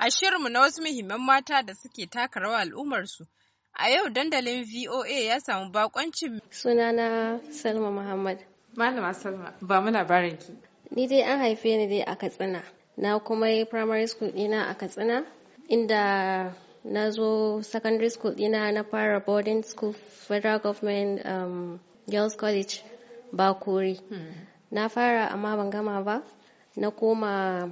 a shirinmu na wasu muhimman mata da suke taka rawa al'ummarsu. A yau dandalin VOA ya samu bakoncin sunana Salma Muhammad. Malama Salma, ba mu labarin ki. Ni dai an haife ni dai a Katsina. Na kuma yi primary school ɗina a Katsina, inda na zo secondary school ɗina na fara boarding school federal government um, girls college bakori. Hmm. Na fara amma ban gama ba, na koma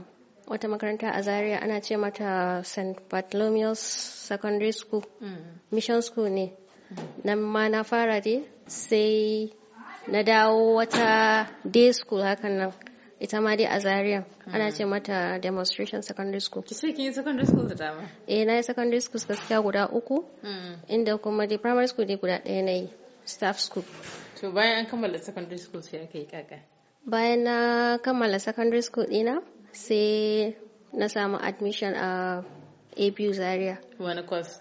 wata makaranta a Zaria ana ce mata St. Bartholomew's Secondary School. Mm. Mission School ne. Mm. Nan ma na fara dai sai na dawo wata day school hakan nan. ita ma dai a Zaria ana ce mm. mata demonstration secondary school ki sai kin yi secondary school da dama eh na yi secondary school gaskiya guda uku inda kuma dai primary school dai guda ɗaya na yi staff school to bayan an kammala secondary school sai aka yi kaka bayan na kammala secondary school ɗina sai na samu admission a abu zaria wani course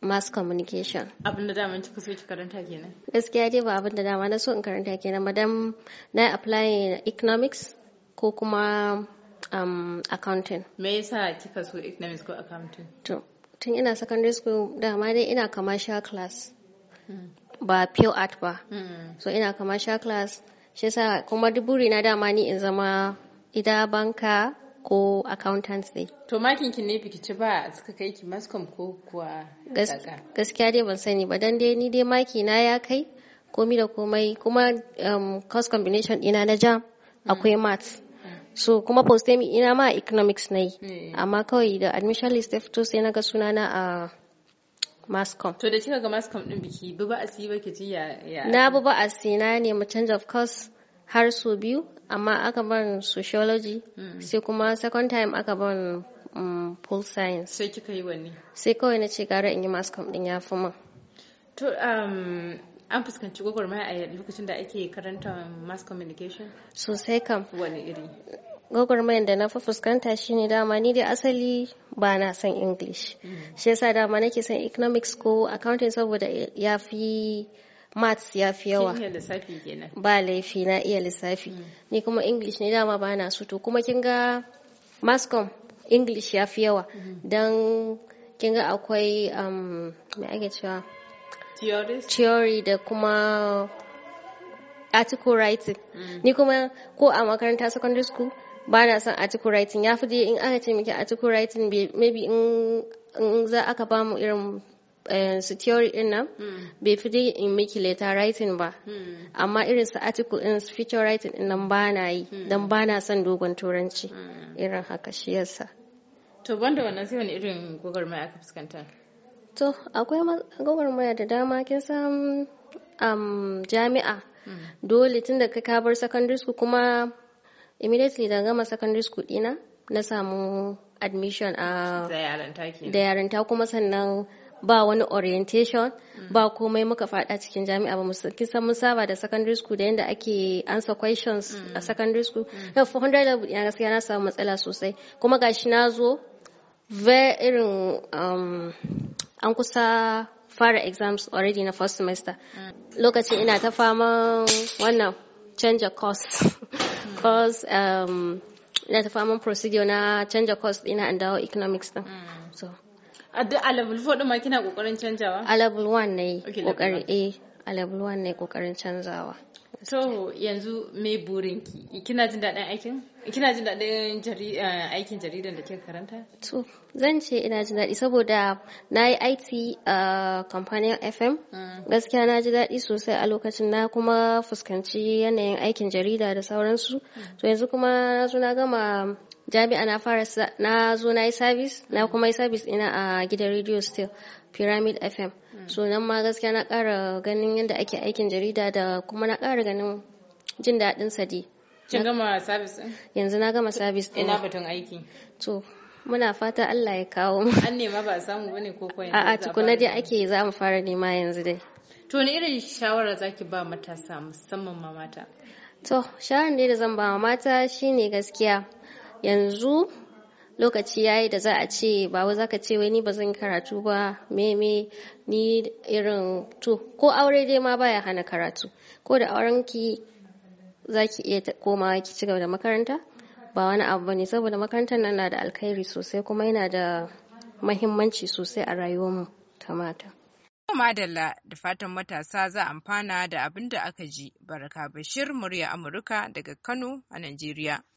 mass communication abin da dama kika so ki karanta kenan gaskiya dai ba abin da dama na so in karanta kenan madam na apply economics ko kuma um, accounting me yasa kika so economics ko accounting to tun ina secondary school dama dai ina commercial class hmm. ba pure art ba hmm. so ina commercial class shi yasa kuma duburi na dama ni in zama ida banka ko accountants ne. to makin ne biki ba suka kai ki mascom ko kuwa gaskiya dai ban sani ba dan dai ni dai maki na ya kai komi da komai kuma um, cost combination ina na jam hmm. akwai maths hmm. so kuma postemi ina ma economics na yi hmm. amma kawai da admission list ta fito sai na ga sunana a mascom to da kika ga mascom din biki bi ba siyi ba ki ji ya na bi ba asi na ne mu change of course har su biyu amma aka ban sociology mm. sai kuma second time aka ban mm, full pool science sai kika yi wanne sai kawai na ce gara in yi mass com din ya fi min to um, an fuskanci gwagwarmaya a lokacin da ake karanta mass communication sosai kam wani iri gwagwarmayar da na fi fuskanta shine dama ni dai asali ba na son english mm. shi yasa dama nake son economics ko accounting saboda ya fi maths ya fi yawa ba laifi na iya lissafi hmm. ni kuma english ne dama ba na so to kuma kin ga mascom english ya fi yawa hmm. don kin ga akwai um, me ake cewa theory da kuma article writing hmm. ni kuma ko a makaranta secondary school ba na son article writing ya fi je in aka ce miki article writing maybe in za aka bamu irin Eh, su theory din nan hmm. bai fi dai in miki letter writing ba hmm. amma irin su article din su feature writing din nan ba na yi hmm. dan ba na son dogon turanci irin haka shi yasa to banda wannan sai wani irin gwagwarmaya aka fuskanta to akwai gwagwarmaya da dama kin san jami'a dole tun da ka bar secondary school kuma immediately da gama secondary school dina na samu admission ah, a da yaranta kuma sannan ba wani orientation mm. ba komai muka fada cikin jami'a ba musamman san mun saba da secondary school da yanda ake answer questions mm. a secondary school mm. na 400 level ya gaskiya na samu matsala sosai kuma gashi na zo ve irin um, an kusa fara exams already na first semester lokacin ina ta fama wannan of course cause um, na ta faman procedure na of course ina andawo economics din so a duk a level 4 ma kina kokarin canjawa a level 1 ne kokari eh a level 1 ne kokarin canzawa to yanzu me burin ki kina jin daɗin aikin kina jin daɗin eh, aikin jaridan da kika karanta to zan ce ina jin daɗi saboda na yi IT a kamfanin FM mm. gaskiya na ji daɗi sosai a lokacin na kuma fuskanci yanayin aikin jarida da sauransu mm. to yanzu kuma na gama jami'a na fara na zo na yi sabis na kuma yi sabis ina a gidan radio still pyramid fm so nan ma gaskiya na kara ganin yadda ake aikin jarida da kuma na kara ganin jin daɗin sa dai kin gama sabis yanzu na gama sabis ina batun aiki to muna fata Allah ya kawo mu an nema ba a samu bane ko ko yanzu a'a tukuna dai ake za mu fara nema yanzu dai to ni irin shawara zaki ba matasa musamman ma mata to shawaran da zan ba mata shine gaskiya yanzu lokaci yayi da za a ce ba wai zaka ce wai ni ba zan karatu ba meme ni irin to ko aure dai ma baya hana karatu ko da za zaki iya komawa ki ci da makaranta ba wani abu ba ne saboda makarantar nan na da alkhairi sosai kuma yana da mahimmanci sosai a rayuwar mu ta mata madalla da fatan matasa za amfana da abin da aka ji baraka bashir murya amurka daga kano a najeriya